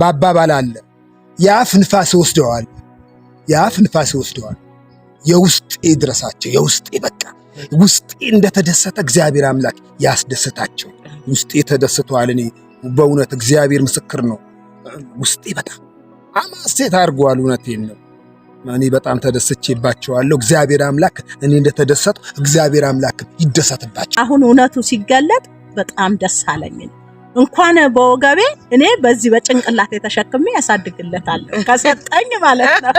በአባባል አለ። የአፍ ንፋስ ወስደዋል፣ የአፍ ንፋስ ወስደዋል። የውስጤ ድረሳቸው፣ የውስጤ በቃ ውስጤ እንደተደሰተ እግዚአብሔር አምላክ ያስደሰታቸው። ውስጤ ተደስተዋል። እኔ በእውነት እግዚአብሔር ምስክር ነው። ውስጤ በጣም አማሴት አድርጓል። እውነቴን ነው። እኔ በጣም ተደስቼባቸዋለሁ። እግዚአብሔር አምላክ እኔ እንደተደሰቱ እግዚአብሔር አምላክ ይደሰትባቸው። አሁን እውነቱ ሲገለጥ በጣም ደስ አለኝ። እንኳን በወገቤ እኔ በዚህ በጭንቅላት የተሸክሜ ያሳድግለታል ከሰጠኝ ማለት ነው።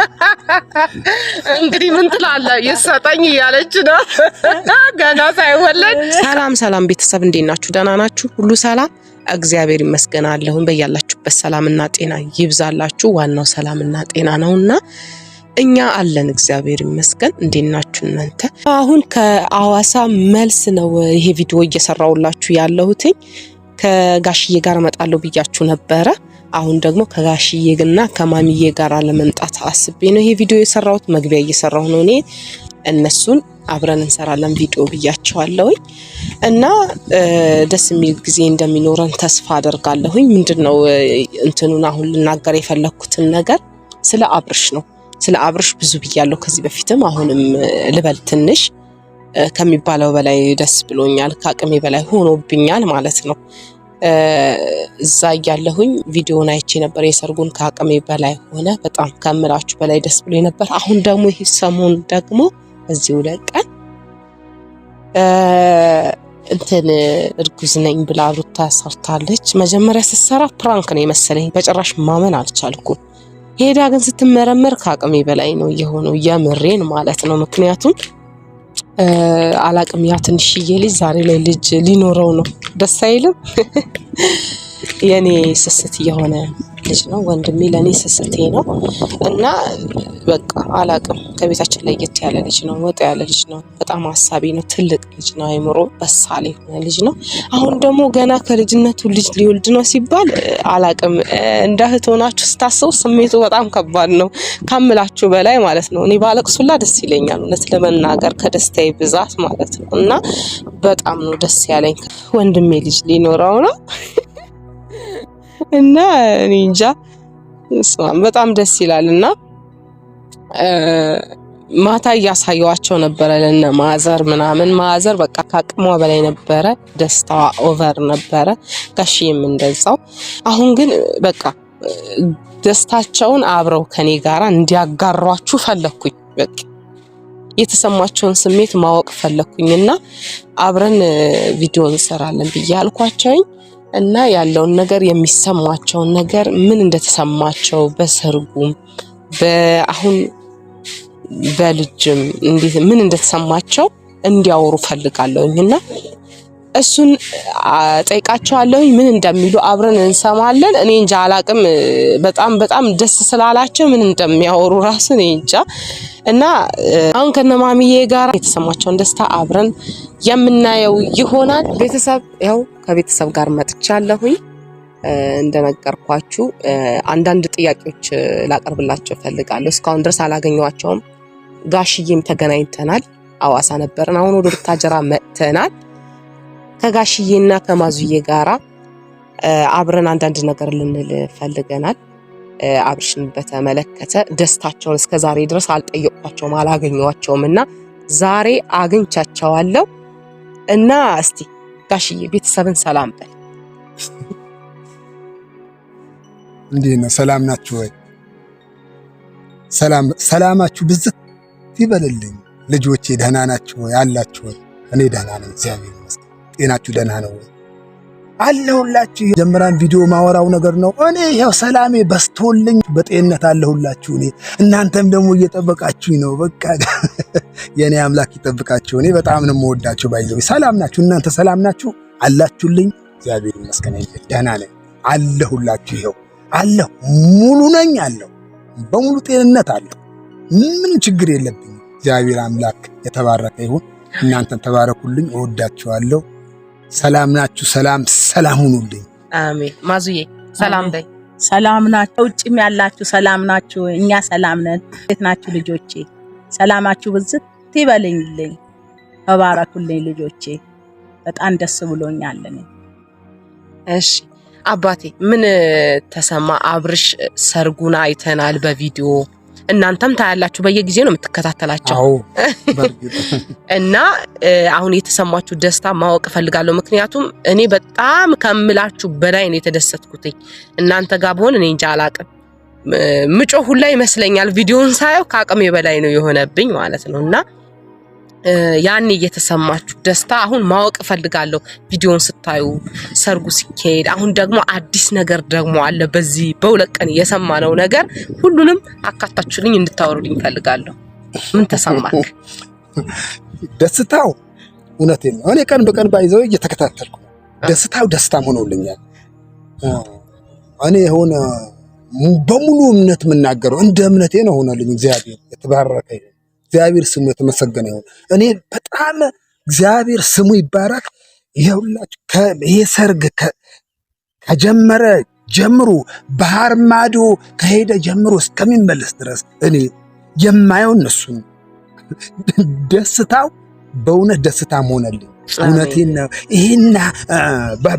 እንግዲህ ምን ትላለ? ይሰጠኝ እያለች ነው ገና ሳይወለድ። ሰላም ሰላም፣ ቤተሰብ እንዴት ናችሁ? ደህና ናችሁ? ሁሉ ሰላም እግዚአብሔር ይመስገን አለሁን። በያላችሁበት ሰላምና ጤና ይብዛላችሁ። ዋናው ሰላምና ጤና ነውና እኛ አለን እግዚአብሔር ይመስገን። እንዴት ናችሁ እናንተ? አሁን ከአዋሳ መልስ ነው ይሄ ቪዲዮ እየሰራውላችሁ ያለሁትኝ ከጋሽዬ ጋር እመጣለሁ ብያችሁ ነበረ። አሁን ደግሞ ከጋሽዬና ከማሚዬ ጋር ለመምጣት አስቤ ነው ይሄ ቪዲዮ የሰራሁት። መግቢያ እየሰራሁ ነው እኔ እነሱን አብረን እንሰራለን ቪዲዮ ብያቸዋለሁኝ። እና ደስ የሚል ጊዜ እንደሚኖረን ተስፋ አደርጋለሁኝ። ምንድን ነው እንትኑን አሁን ልናገር የፈለግኩትን ነገር ስለ አብርሽ ነው። ስለ አብርሽ ብዙ ብያለሁ ከዚህ በፊትም አሁንም ልበል ትንሽ ከሚባለው በላይ ደስ ብሎኛል። ከአቅሜ በላይ ሆኖብኛል ማለት ነው። እዛ እያለሁኝ ቪዲዮን አይቼ ነበር። የሰርጉን ከአቅሜ በላይ ሆነ። በጣም ከምላችሁ በላይ ደስ ብሎ ነበር። አሁን ደግሞ ይህ ሰሞን ደግሞ እዚሁ ለቀን እንትን እርጉዝ ነኝ ብላ ሩታ ሰርታለች። መጀመሪያ ስትሰራ ፕራንክ ነው የመሰለኝ፣ በጭራሽ ማመን አልቻልኩም። ሄዳ ግን ስትመረመር ከአቅሜ በላይ ነው የሆነው። የምሬን ማለት ነው ምክንያቱም አላቅም። ያ ትንሽዬ ልጅ ዛሬ ላይ ልጅ ሊኖረው ነው። ደስ አይልም? የኔ ስስት እየሆነ ልጅ ነው ወንድሜ፣ ለእኔ ስስቴ ነው እና በቃ አላቅም። ከቤታችን ለየት ያለ ልጅ ነው፣ ወጣ ያለ ልጅ ነው፣ በጣም ሀሳቢ ነው፣ ትልቅ ልጅ ነው፣ አይምሮ በሳል የሆነ ልጅ ነው። አሁን ደግሞ ገና ከልጅነቱ ልጅ ሊወልድ ነው ሲባል አላቅም። እንደ እህት ሆናችሁ ስታስቡ ስሜቱ በጣም ከባድ ነው፣ ካምላችሁ በላይ ማለት ነው። እኔ ባለቅሱላ ደስ ይለኛል፣ እውነት ለመናገር ከደስታዬ ብዛት ማለት ነው። እና በጣም ነው ደስ ያለኝ። ወንድሜ ልጅ ሊኖረው ነው እና እኔ እንጃ በጣም ደስ ይላል እና ማታ እያሳየዋቸው ነበረ ለነ ማዘር ምናምን ማዘር በቃ ከአቅሟ በላይ ነበረ። ደስታዋ ኦቨር ነበረ። ጋሽዬም እንደዛው። አሁን ግን በቃ ደስታቸውን አብረው ከኔ ጋራ እንዲያጋሯችሁ ፈለኩኝ። በቃ የተሰማቸውን ስሜት ማወቅ ፈለኩኝና አብረን ቪዲዮ እንሰራለን ብዬ አልኳቸውኝ። እና ያለውን ነገር የሚሰማቸውን ነገር ምን እንደተሰማቸው በሰርጉም በአሁን በልጅም እንዴት ምን እንደተሰማቸው እንዲያወሩ ፈልጋለሁኝ እና እሱን ጠይቃቸዋለሁኝ። ምን እንደሚሉ አብረን እንሰማለን። እኔ እንጃ አላቅም። በጣም በጣም ደስ ስላላቸው ምን እንደሚያወሩ ራሱ እኔ እንጃ። እና አሁን ከነማሚዬ ጋር የተሰማቸውን ደስታ አብረን የምናየው ይሆናል። ቤተሰብ ያው ከቤተሰብ ጋር መጥቻለሁኝ። እንደነገርኳችሁ አንዳንድ ጥያቄዎች ላቀርብላቸው እፈልጋለሁ። እስካሁን ድረስ አላገኘኋቸውም። ጋሽዬም ተገናኝተናል። አዋሳ ነበርን። አሁን ወደ ብታጀራ መጥተናል። ከጋሽዬና ከማዙዬ ጋራ አብረን አንዳንድ ነገር ልንል ፈልገናል። አብርሽን በተመለከተ ደስታቸውን እስከ ዛሬ ድረስ አልጠየቅኳቸውም፣ አላገኘኋቸውም እና ዛሬ አግኝቻቸዋለሁ እና እስቲ ጋሽዬ ቤተሰብን ሰላም በል። እንዴት ነው? ሰላም ናችሁ ወይ? ሰላም ሰላማችሁ ብዝት ይበልልኝ። ልጆቼ ደህና ናችሁ ወይ? አላችሁ ወይ? እኔ ደህና ነኝ፣ እግዚአብሔር ይመስገን። ጤናችሁ ደህና ነው ወይ? አለሁላችሁ። ጀምራን ቪዲዮ ማወራው ነገር ነው። እኔ ያው ሰላሜ በስቶልኝ በጤንነት አለሁላችሁ። እኔ እናንተም ደግሞ እየጠበቃችሁኝ ነው። በቃ የእኔ አምላክ ይጠብቃችሁ። እኔ በጣም ነው የምወዳችሁ። ባይዘ ሰላም ናችሁ እናንተ? ሰላም ናችሁ አላችሁልኝ? እግዚአብሔር ይመስገን ደህና ነኝ አለሁላችሁ። ይኸው አለሁ፣ ሙሉ ነኝ፣ አለሁ በሙሉ ጤንነት አለሁ። ምን ችግር የለብኝም። እግዚአብሔር አምላክ የተባረከ ይሁን። እናንተን ተባረኩልኝ። እወዳችኋለሁ። ሰላም ናችሁ። ሰላም ሰላም ሁኑልኝ። አሜን። ማዙዬ ሰላም በይ። ሰላም ናችሁ። ውጭም ያላችሁ ሰላም ናችሁ። እኛ ሰላም ነን። እንዴት ናችሁ ልጆቼ? ሰላማችሁ ብዝት ይበልልኝ። ተባረኩልኝ ልጆቼ። በጣም ደስ ብሎኛል። እሺ አባቴ ምን ተሰማ? አብርሽ ሰርጉን አይተናል በቪዲዮ እናንተም ታያላችሁ። በየጊዜ ነው የምትከታተላቸው እና አሁን የተሰማችሁ ደስታ ማወቅ እፈልጋለሁ። ምክንያቱም እኔ በጣም ከምላችሁ በላይ ነው የተደሰትኩትኝ። እናንተ ጋር በሆን እኔ እንጃ አላቅም ምጮ ሁላ ይመስለኛል። ቪዲዮን ሳየው ከአቅሜ በላይ ነው የሆነብኝ ማለት ነው እና ያኔ እየተሰማችሁ ደስታ አሁን ማወቅ እፈልጋለሁ። ቪዲዮን ስታዩ ሰርጉ ሲካሄድ፣ አሁን ደግሞ አዲስ ነገር ደግሞ አለ። በዚህ በሁለት ቀን የሰማነው ነገር ሁሉንም አካታችሁልኝ እንድታወሩልኝ እፈልጋለሁ። ምን ተሰማክ? ደስታው እውነቴን ነው። እኔ ቀን በቀን ባይዘው እየተከታተልኩ ደስታው ደስታም ሆኖልኛል። እኔ የሆነ በሙሉ እምነት የምናገረው እንደ እምነቴ ነው ሆነልኝ። እግዚአብሔር የተባረከ እግዚአብሔር ስሙ የተመሰገነ ይሁን። እኔ በጣም እግዚአብሔር ስሙ ይባረክ። ይኸውላችሁ ይሄ ሰርግ ከጀመረ ጀምሮ ባህር ማዶ ከሄደ ጀምሮ እስከሚመለስ ድረስ እኔ የማየው እሱን ደስታው በእውነት ደስታ መሆነልኝ እውነቴን ነው። ይህና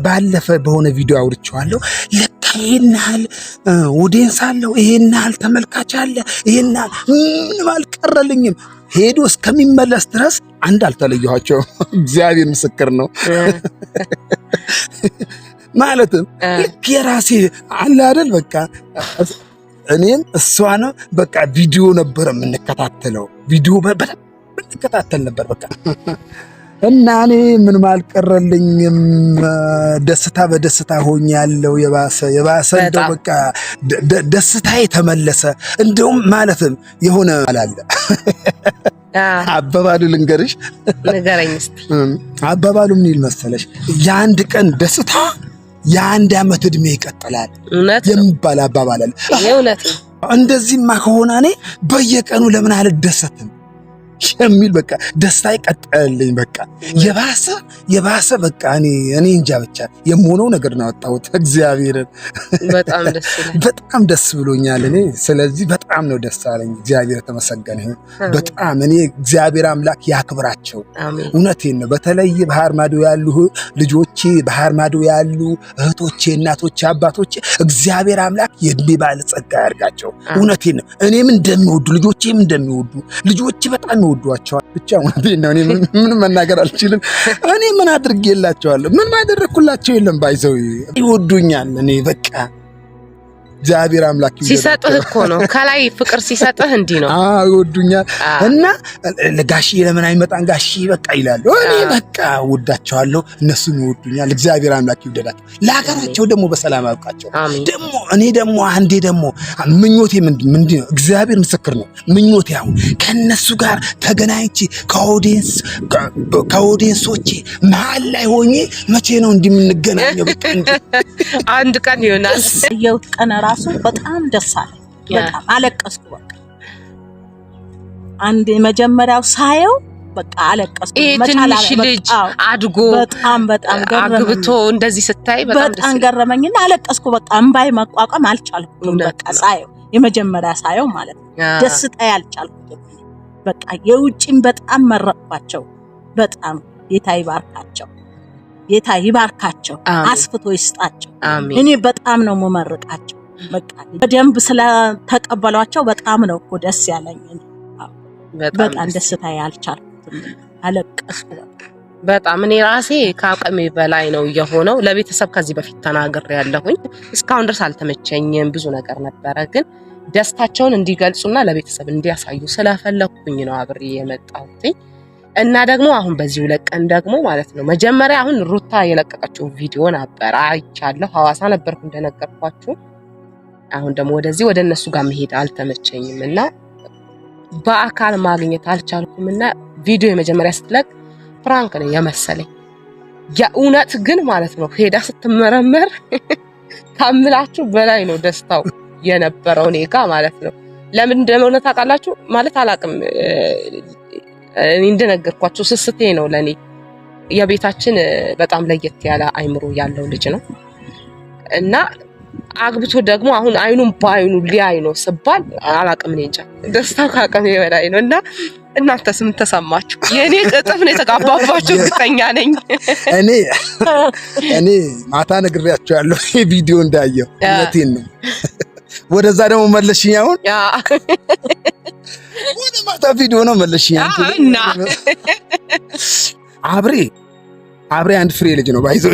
ባለፈ በሆነ ቪዲዮ አውርቼዋለሁ። ልክ ይህን ያህል ኦዲየንስ አለው፣ ይህን ያህል ተመልካች አለ፣ ይህን ያህል ምንም አልቀረልኝም። ሄዶ እስከሚመለስ ድረስ አንድ አልተለየኋቸው። እግዚአብሔር ምስክር ነው። ማለትም ልክ የራሴ አለ አይደል በቃ እኔም እሷንም በቃ ቪዲዮ ነበር የምንከታተለው። ቪዲዮ በደንብ እንከታተል ነበር በቃ እና እኔ ምን ማልቀረልኝም ደስታ በደስታ ሆኝ ያለው የባሰ የባሰ እንደው በቃ ደስታ የተመለሰ እንደውም ማለትም የሆነ አላለ አባባሉ ልንገርሽ። ንገረኝ እስኪ አባባሉ ምን ይል መሰለሽ? የአንድ ቀን ደስታ የአንድ ዓመት እድሜ ይቀጥላል የሚባል አባባል አለ። እንደዚህማ ከሆነ እኔ በየቀኑ ለምን አልደሰትም? የሚል በቃ ደስታ ይቀጠልልኝ። በቃ የባሰ የባሰ በቃ እኔ እኔ እንጃ ብቻ የምሆነው ነገር ነው አወጣሁት። እግዚአብሔርን በጣም ደስ ብሎኛል እኔ። ስለዚህ በጣም ነው ደስ አለኝ። እግዚአብሔር ተመሰገነ። በጣም እኔ እግዚአብሔር አምላክ ያክብራቸው። እውነቴን ነው። በተለይ ባህር ማዶ ያሉ ልጆቼ፣ ባህር ማዶ ያሉ እህቶቼ፣ እናቶቼ፣ አባቶቼ እግዚአብሔር አምላክ የእድሜ ባለጸጋ ያድርጋቸው። እውነቴን ነው። እኔም እንደሚወዱ ልጆቼም እንደሚወዱ ልጆቼ በጣም ይወዷቸዋል። ብቻ እውነቴን ነው። ምን መናገር አልችልም። እኔ ምን አድርጌላቸዋለሁ? ምን ማደረግኩላቸው የለም። ባይዘው ይወዱኛል። እኔ በቃ እግዚአብሔር አምላክ ሲሰጥህ እኮ ነው። ከላይ ፍቅር ሲሰጥህ እንዲህ ነው። አዎ ይወዱኛል። እና ጋሺ ለምን አይመጣን ጋሺ በቃ ይላሉ። እኔ በቃ ወዳቸዋለሁ፣ እነሱም ይወዱኛል። እግዚአብሔር አምላክ ይውደዳቸው፣ ለሀገራቸው ደግሞ በሰላም ያብቃቸው። ደግሞ እኔ ደግሞ አንዴ ደግሞ ምኞቴ ምንድን ነው? እግዚአብሔር ምስክር ነው። ምኞቴ አሁን ከእነሱ ጋር ተገናኝቼ ከኦዲየንሶቼ መሀል ላይ ሆኜ መቼ ነው እንዲህ የምንገናኘው? አንድ ቀን ይሆናል። ራሱ በጣም ደስ አለ። በጣም አለቀስኩ። በቃ አንድ መጀመሪያው ሳየው በቃ አለቀስኩ። ይሄ ትንሽ ልጅ አድጎ በጣም በጣም አግብቶ እንደዚህ ስታይ በጣም ገረመኝና አለቀስኩ። በቃ እምባይ መቋቋም አልቻልኩም። በቃ ሳየው የመጀመሪያ ሳየው ማለት ነው ደስታዬ አልቻልኩም። በቃ የውጭም በጣም መረቅኳቸው። በጣም ጌታ ይባርካቸው፣ ጌታ ይባርካቸው፣ አስፍቶ ይስጣቸው። እኔ በጣም ነው የምመርቃቸው። በቃ በደንብ ስለተቀበሏቸው በጣም ነው እኮ ደስ ያለኝ። በጣም ደስታ ያልቻልኩትም አለቀስኩ። በጣም እኔ ራሴ ከአቅሜ በላይ ነው የሆነው። ለቤተሰብ ከዚህ በፊት ተናግሬ ያለሁኝ እስካሁን ድረስ አልተመቸኝም፣ ብዙ ነገር ነበረ። ግን ደስታቸውን እንዲገልጹና ለቤተሰብ እንዲያሳዩ ስለፈለኩኝ ነው አብሬ የመጣሁት። እና ደግሞ አሁን በዚህ ሁለት ቀን ደግሞ ማለት ነው መጀመሪያ አሁን ሩታ የለቀቀችው ቪዲዮ ነበር አይቻለሁ። ሐዋሳ ነበርኩ እንደነገርኳችሁ አሁን ደግሞ ወደዚህ ወደ እነሱ ጋር መሄድ አልተመቸኝም እና በአካል ማግኘት አልቻልኩም እና ቪዲዮ የመጀመሪያ ስትለቅ ፕራንክ ነው የመሰለኝ። የእውነት ግን ማለት ነው ሄዳ ስትመረመር ከምላችሁ በላይ ነው ደስታው የነበረው እኔ ጋ ማለት ነው። ለምን እንደሆነ ታውቃላችሁ? ማለት አላቅም። እንደነገርኳቸው ስስቴ ነው ለእኔ። የቤታችን በጣም ለየት ያለ አይምሮ ያለው ልጅ ነው እና አግብቶ ደግሞ አሁን አይኑን በአይኑ ሊያይ ነው ስባል አላቅም። እኔ እንጃ ደስታ ከአቅሜ በላይ ነው እና እናንተ ምን ተሰማችሁ? የእኔ እጥፍ ነው የተጋባባችሁ እርግጠኛ ነኝ። እኔ እኔ ማታ ነግሬያቸው ያለው ቪዲዮ እንዳየው እውነቴን ነው። ወደዛ ደግሞ መለሽኝ። አሁን ወደ ማታ ቪዲዮ ነው መለሽኝ። እና አብሬ አብሬ አንድ ፍሬ ልጅ ነው ባይዞ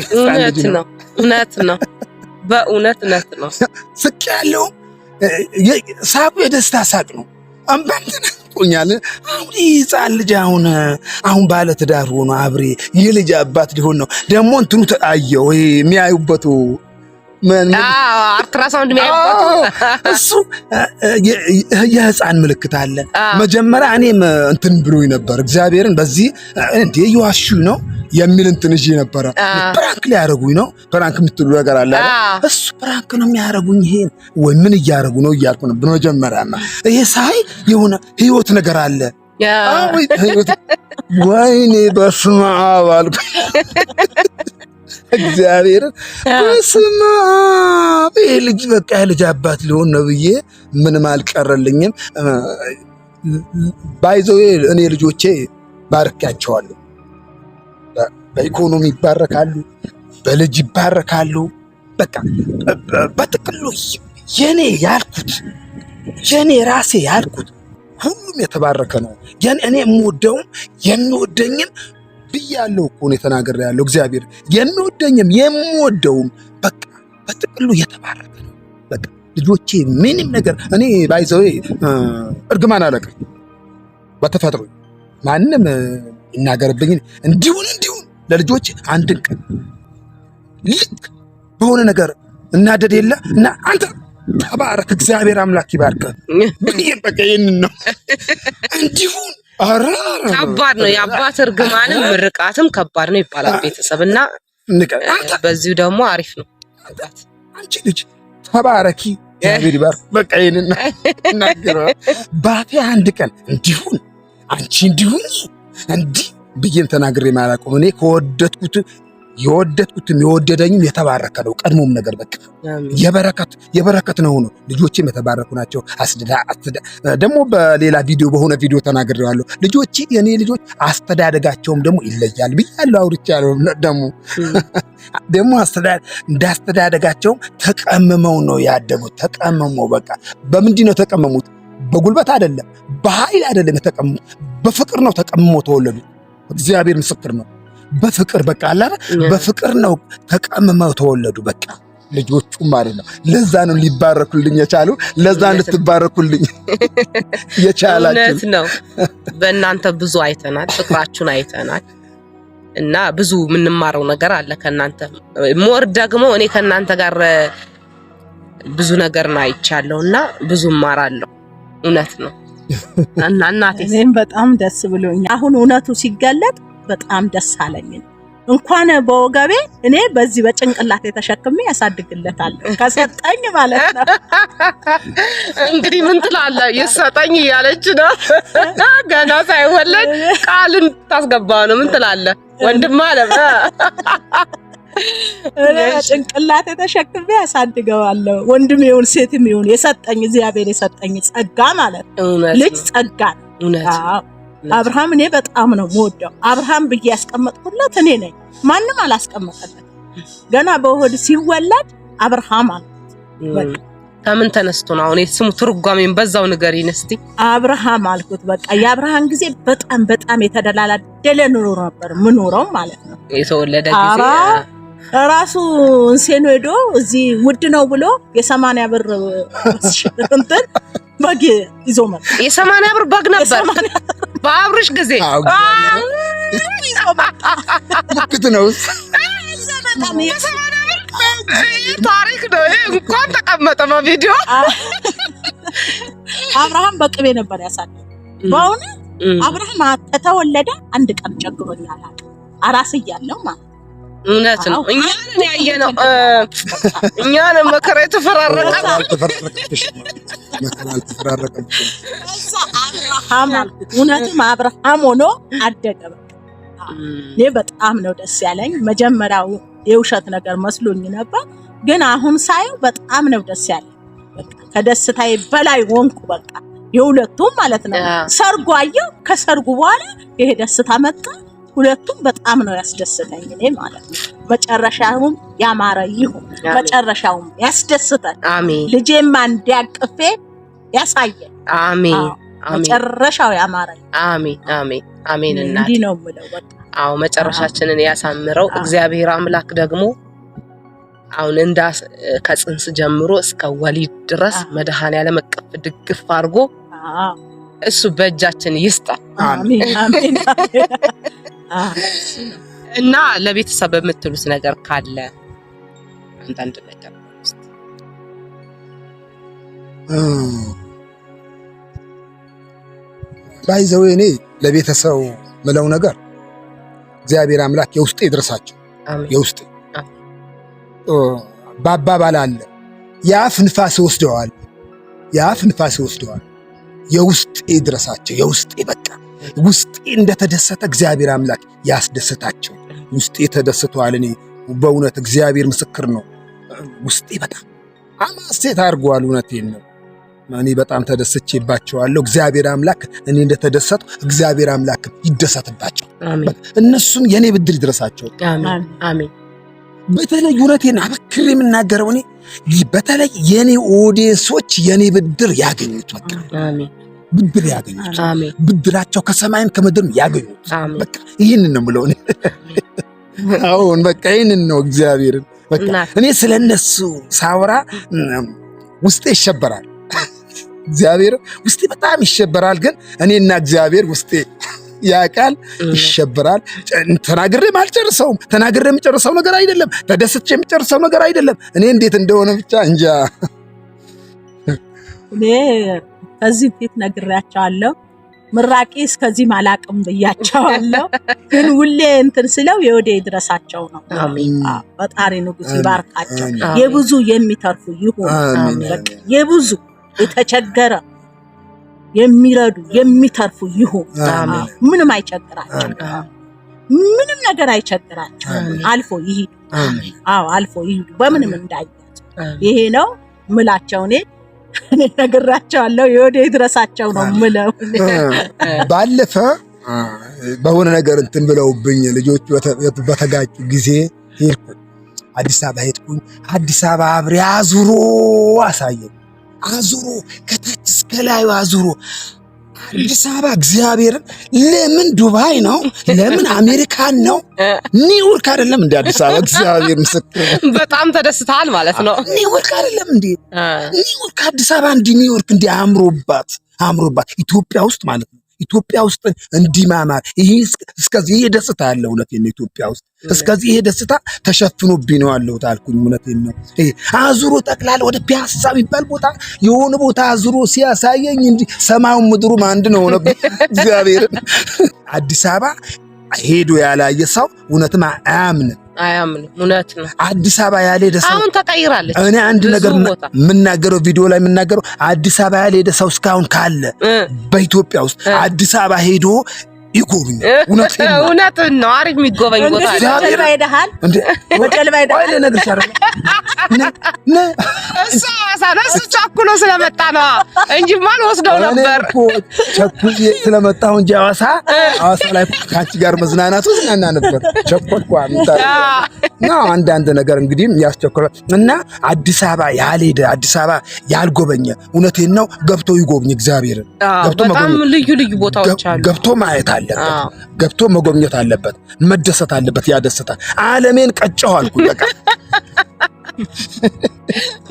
ነው እውነት ነው በእውነት እውነት ነው። ስቅ ያለው ሳቁ የደስታ ሳቅ ነው። አምባን ተናፍቆኛል። አሁን ሕፃን ልጅ አሁን አሁን ባለ ትዳር ሆኖ አብሬ ልጅ አባት ሊሆን ነው። ደግሞ እንትኑ ተጣየው የሚያዩበቱ አልትራሳውንድ እሱ የህፃን ምልክት አለ። መጀመሪያ እኔም እንትን ብሎኝ ነበር እግዚአብሔርን በዚህ እንዴ የዋሹ ነው የሚል እንትን ይዤ ነበረ። ፕራንክ ሊያደረጉኝ ነው ፕራንክ የምትሉ ነገር አለ። እሱ ፕራንክ ነው የሚያደረጉኝ። ይሄን ወይ ምን እያደረጉ ነው እያልኩ ነው በመጀመሪያና ይሄ ሳይ የሆነ ህይወት ነገር አለ ወይኔ በስመ አብ አልኩ። እግዚአብሔርን በስመ አብ ይሄ ልጅ በቃ ልጅ አባት ሊሆን ነው ብዬ ምንም አልቀረልኝም። ባይዘው እኔ ልጆቼ ባርኪያቸዋለሁ በኢኮኖሚ ይባረካሉ፣ በልጅ ይባረካሉ። በቃ በጥቅሉ የኔ ያልኩት የኔ ራሴ ያልኩት ሁሉም የተባረከ ነው። እኔ የምወደውም የሚወደኝም ብያለው እኮ ነው የተናገረ ያለው እግዚአብሔር። የሚወደኝም የምወደውም በቃ በጥቅሉ የተባረከ ነው። በቃ ልጆቼ ምንም ነገር እኔ ባይዘዌ እርግማን አለቅም በተፈጥሮ ማንም ይናገርብኝ እንዲሁን እንዲሁ ለልጆች አንድን ቀን ልክ በሆነ ነገር እናደድ የለ እና አንተ ተባረክ፣ እግዚአብሔር አምላክ ይባርከ። በቃ ይህን ነው እንዲሁን ከባድ ነው የአባት እርግማንም ምርቃትም ከባድ ነው ይባላል ቤተሰብ እና በዚሁ ደግሞ አሪፍ ነው። አንቺ ልጅ ተባረኪ፣ እግዚአብሔር ይባርክ። በቃ ይህንን እናገረ ባፌ አንድ ቀን እንዲሁን አንቺ እንዲሁን እንዲህ ብዬም ተናግሬ የማላውቀው እኔ ከወደድኩት የወደድኩትም የወደደኝም የተባረከ ነው። ቀድሞም ነገር በቃ የበረከት የበረከት ነው ነው ልጆቼም የተባረኩ ናቸው። ደግሞ በሌላ ቪዲዮ በሆነ ቪዲዮ ተናግሬዋለሁ። ልጆቼ የኔ ልጆች አስተዳደጋቸውም ደግሞ ይለያል ብያለሁ፣ አውርቻለሁ። ደግሞ ደግሞ እንዳስተዳደጋቸውም ተቀምመው ነው ያደጉት። ተቀምመው በቃ በምንድን ነው የተቀመሙት? በጉልበት አይደለም፣ በኃይል አይደለም የተቀመሙት፣ በፍቅር ነው ተቀምመው ተወለዱት። እግዚአብሔር ምስክር ነው። በፍቅር በቃ አለ በፍቅር ነው ተቀምመው ተወለዱ። በቃ ልጆቹ ማለት ነው። ለዛ ነው ሊባረኩልኝ የቻሉ ለዛ እንድትባረኩልኝ የቻላችሁ እውነት ነው። በእናንተ ብዙ አይተናል፣ ፍቅራችሁን አይተናል እና ብዙ የምንማረው ነገር አለ ከእናንተ ሞር ደግሞ እኔ ከእናንተ ጋር ብዙ ነገር ነው አይቻለሁ እና ብዙ እማራለሁ። እውነት ነው። እናቴ በጣም ደስ ብሎኛል። አሁን እውነቱ ሲገለጥ በጣም ደስ አለኝ። እንኳን በወገቤ እኔ በዚህ በጭንቅላት የተሸክሜ ያሳድግለታለሁ ከሰጠኝ ማለት ነው። እንግዲህ ምን ትላለ? ይሰጠኝ እያለች ነው። ገና ሳይወለድ ቃልን ታስገባ ነው። ምን ትላለ? ወንድም አለ ጭንቅላት የተሸክሜ አሳድ ገባለሁ። ወንድም ይሁን ሴትም ይሁን የሰጠኝ እግዚአብሔር የሰጠኝ ጸጋ ማለት ልጅ ጸጋ አብርሃም እኔ በጣም ነው የምወደው። አብርሃም ብዬ ያስቀመጥኩለት እኔ ነኝ፣ ማንም አላስቀመጠለት። ገና በሆድ ሲወለድ አብርሃም አለ። ከምን ተነስቶ ነው አሁን የስሙ ትርጓሜን በዛው ንገሪኝ እስቲ። አብርሃም አልኩት። በቃ የአብርሃም ጊዜ በጣም በጣም የተደላደለ ኑሮ ነበር ምኖረው ማለት ነው የተወለደ ጊዜ ራሱ እንሴኖ ሄዶ እዚህ ውድ ነው ብሎ የሰማንያ ብር እንትን በግ ይዞ መጣ። የሰማንያ ብር በግ ነበር በአብርሽ ጊዜ ልክት ነው። ታሪክ ነው እንኳን ተቀመጠ በቪዲዮ አብርሃም በቅቤ ነበር ያሳደ። በእውነት አብርሃም ከተወለደ አንድ ቀን ጨግሮኛል አራስ እያለው ማለት እውነት ነው። እኛን ያየ ነው። እኛን መከራ የተፈራረቀ እውነትም አብርሃም ሆኖ አደገ። እኔ በጣም ነው ደስ ያለኝ። መጀመሪያው የውሸት ነገር መስሎኝ ነበር፣ ግን አሁን ሳየው በጣም ነው ደስ ያለኝ። ከደስታዬ በላይ ወንኩ። በቃ የሁለቱም ማለት ነው። ሰርጉ አየው። ከሰርጉ በኋላ ይሄ ደስታ መጣ። ሁለቱም በጣም ነው ያስደሰተኝ እኔ ማለት ነው። መጨረሻውም ያማረ ይሁን፣ መጨረሻውም ያስደስተን። አሜን። ልጄማ እንዲያቅፌ ያሳየን። አሜን። መጨረሻው ያማረ አሜን፣ አሜን፣ አሜን። እና እንዲህ ነው የምለው በቃ አዎ፣ መጨረሻችንን ያሳምረው እግዚአብሔር አምላክ ደግሞ አሁን እንዳ ከጽንስ ጀምሮ እስከ ወሊድ ድረስ መድኃኔዓለም እቅፍ ድግፍ አድርጎ እሱ በእጃችን ይስጣል። አሜን፣ አሜን። እና ለቤተሰብ የምትሉት ነገር ካለ አንዳንድ ነገር ባይዘው እኔ ለቤተሰብ ምለው ነገር እግዚአብሔር አምላክ የውስጥ ይድረሳቸው። የውስጤ በአባባል አለ የአፍ ንፋስ ይወስደዋል፣ የአፍ ንፋስ ይወስደዋል። የውስጤ ይድረሳቸው። የውስጤ በቃ ውስጤ እንደተደሰተ እግዚአብሔር አምላክ ያስደሰታቸው። ውስጤ ተደስተዋል። እኔ በእውነት እግዚአብሔር ምስክር ነው። ውስጤ በጣም አማሴት አድርጓል። እውነቴን ነው። እኔ በጣም ተደስቼባቸዋለሁ። እግዚአብሔር አምላክ እኔ እንደተደሰቱ እግዚአብሔር አምላክ ይደሰትባቸው። እነሱም የእኔ ብድር ይድረሳቸው። በተለይ እውነቴን አበክሬ የምናገረው እኔ በተለይ የእኔ ኦዲየንሶች የእኔ ብድር ያገኙት በቃ ብድር ያገኙት፣ ብድራቸው ከሰማይም ከምድርም ያገኙት። በቃ ይህንን ነው የምለው እኔ አሁን በቃ ይህንን ነው እግዚአብሔርን እኔ ስለ እነሱ ሳውራ ውስጤ ይሸበራል። እግዚአብሔር ውስጤ በጣም ይሸበራል። ግን እኔና እግዚአብሔር ውስጤ ያ ቃል ይሸበራል። ተናግሬ አልጨርሰውም። ተናግሬ የምጨርሰው ነገር አይደለም። ተደስቼ የምጨርሰው ነገር አይደለም። እኔ እንዴት እንደሆነ ብቻ እንጃ። ከዚህ ፊት ነግሬያቸዋለሁ። ምራቂ እስከዚህ ማላቅም ብያቸዋለሁ። ግን ሁሌ እንትን ስለው የወደ ድረሳቸው ነው። ፈጣሪ ንጉስ ይባርካቸው። የብዙ የሚተርፉ ይሁን፣ የብዙ የተቸገረ የሚረዱ የሚተርፉ ይሁን። ምንም አይቸግራቸው፣ ምንም ነገር አይቸግራቸው። አልፎ ይሂዱ። አዎ አልፎ ይሂዱ። በምንም እንዳያት ይሄ ነው ምላቸው እኔ እኔ ነግራቸዋለሁ። የወደ ይድረሳቸው ነው ምለው። ባለፈ በሆነ ነገር እንትን ብለውብኝ ልጆቹ በተጋጩ ጊዜ ሄድኩኝ፣ አዲስ አበባ ሄድኩኝ። አዲስ አበባ አብሬ አዙሮ አሳየኝ። አዙሮ ከታች እስከ ላዩ አዙሮ አዲስ አበባ እግዚአብሔርን ለምን ዱባይ ነው? ለምን አሜሪካን ነው? ኒውዮርክ አይደለም እንደ አዲስ አበባ እግዚአብሔር ምስክር። በጣም ተደስታል ማለት ነው። ኒውዮርክ አይደለም እንዲ ኒውዮርክ አዲስ አበባ እንዲ ኒውዮርክ እንዲ አምሮባት አምሮባት ኢትዮጵያ ውስጥ ማለት ነው ኢትዮጵያ ውስጥ እንዲማማር ይሄ እስከዚህ ይሄ ደስታ ያለ እውነቴን ነው። ኢትዮጵያ ውስጥ እስከዚህ ይሄ ደስታ ተሸፍኖብኝ ነው ያለሁት አልኩኝ። እውነቴን ነው። ይሄ አዙሮ ጠቅላላ ወደ ፒያሳ የሚባል ቦታ የሆነ ቦታ አዙሮ ሲያሳየኝ እንጂ ሰማዩም ምድሩም አንድ ነው ሆነብኝ። እግዚአብሔርን አዲስ አበባ ሄዶ ያላየ ሰው እውነትም አያምንም። አያምንም። እውነት ነው። አዲስ አበባ ያልሄደ ሰው አሁን ተቀይራለች። እኔ አንድ ነገር የምናገረው ቪዲዮ ላይ የምናገረው አዲስ አበባ ያልሄደ ሰው እስካሁን ካለ በኢትዮጵያ ውስጥ አዲስ አበባ ሄዶ ይጎብኝ። እውነትህን ነው። አሪፍ የሚጎበኝ ቦታ ነው። ቸኩሎ ስለመጣ ነው እንጂማ ነበር። ቸኩዬ ስለመጣሁ እንጂ ላይ ካንቺ ጋር መዝናናቱ ዝናና ነበር። አንዳንድ ነገር እንግዲህ እና አዲስ አበባ ያልሄደ አዲስ አበባ ያልጎበኘ እውነቴን ነው ገብቶ ይጎብኝ። እግዚአብሔርን ልዩ ልዩ ቦታዎች አሉ ገብቶ ማየት አለበት፣ ገብቶ መጎብኘት አለበት፣ መደሰት አለበት። ያደስታል። አለሜን ቀጨሁ አልኩ። በቃ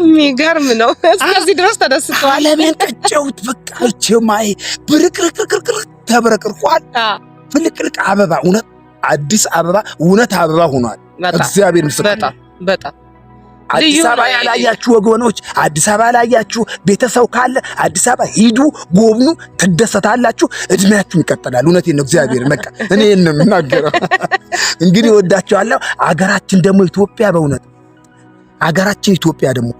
የሚገርም ነው። እስከዚህ ድረስ ተደስተዋል። አለሜን ቀጨሁት። በቃ ችማይ ብርቅርቅርቅርቅ ተብረቅርቋል። ፍልቅልቅ አበባ እውነት አዲስ አበባ እውነት አበባ ሆኗል። እግዚአብሔር ምስክር በጣም አዲስ አበባ ያላያችሁ ወገኖች፣ አዲስ አበባ ያላያችሁ ቤተሰው ካለ አዲስ አበባ ሂዱ፣ ጎብኙ፣ ትደሰታላችሁ፣ እድሜያችሁም ይቀጥላል። እውነቴን ነው። እግዚአብሔር በቃ እኔ ነው የምናገረው። እንግዲህ ወዳችኋለሁ። አገራችን ደግሞ ኢትዮጵያ በእውነት አገራችን ኢትዮጵያ ደግሞ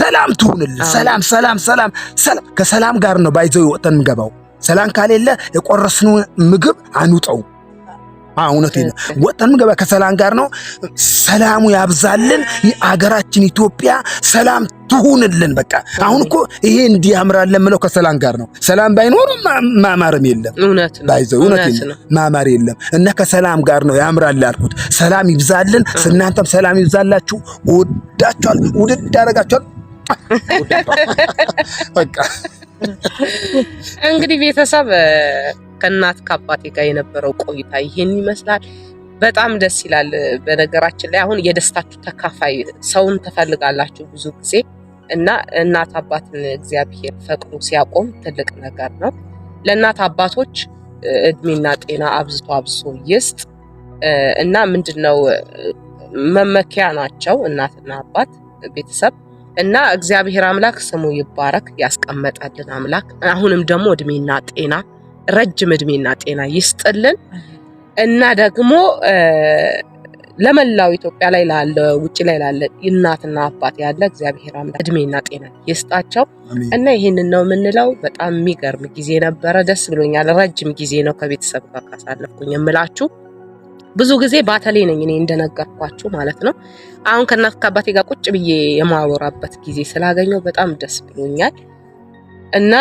ሰላም ትሁንልን። ሰላም ሰላም ሰላም ሰላም ከሰላም ጋር ነው ባይዘው ወጥተን ገባው። ሰላም ከሌለ የቆረስነውን ምግብ አንውጠው። እውነት ነው። ወጠን ምገባ ከሰላም ጋር ነው። ሰላሙ ያብዛልን። የአገራችን ኢትዮጵያ ሰላም ትሁንልን። በቃ አሁን እኮ ይሄ እንዲህ ያምራል ለምለው ከሰላም ጋር ነው። ሰላም ባይኖር ማማርም የለም ባይዘው እውነት ማማር የለም እና ከሰላም ጋር ነው ያምራል አልኩት። ሰላም ይብዛልን። ስናንተም ሰላም ይብዛላችሁ። ወዳችኋል። ውድድ ያደረጋችኋል። በቃ እንግዲህ ቤተሰብ ከእናት ከአባቴ ጋር የነበረው ቆይታ ይህን ይመስላል። በጣም ደስ ይላል። በነገራችን ላይ አሁን የደስታችሁ ተካፋይ ሰውን ትፈልጋላችሁ ብዙ ጊዜ እና እናት አባትን እግዚአብሔር ፈቅዶ ሲያቆም ትልቅ ነገር ነው። ለእናት አባቶች እድሜና ጤና አብዝቶ አብዝቶ ይስጥ እና ምንድነው መመኪያ ናቸው እናትና አባት ቤተሰብ እና እግዚአብሔር አምላክ ስሙ ይባረክ። ያስቀመጠልን አምላክ አሁንም ደግሞ እድሜና ጤና ረጅም እድሜና ጤና ይስጥልን እና ደግሞ ለመላው ኢትዮጵያ ላይ ላለ ውጭ ላይ ላለ እናትና አባት ያለ እግዚአብሔር አምላክ እድሜና ጤና ይስጣቸው እና ይህንን ነው የምንለው። በጣም የሚገርም ጊዜ ነበረ። ደስ ብሎኛል። ረጅም ጊዜ ነው ከቤተሰብ ጋር ካሳለፍኩኝ የምላችሁ። ብዙ ጊዜ ባተሌ ነኝ እኔ እንደነገርኳችሁ ማለት ነው። አሁን ከእናት ከአባቴ ጋር ቁጭ ብዬ የማወራበት ጊዜ ስላገኘው በጣም ደስ ብሎኛል እና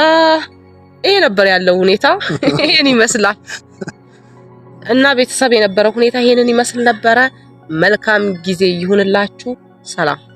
ይሄ ነበር ያለው ሁኔታ። ይሄን ይመስላል እና ቤተሰብ የነበረው ሁኔታ ይሄንን ይመስል ነበረ። መልካም ጊዜ ይሁንላችሁ። ሰላም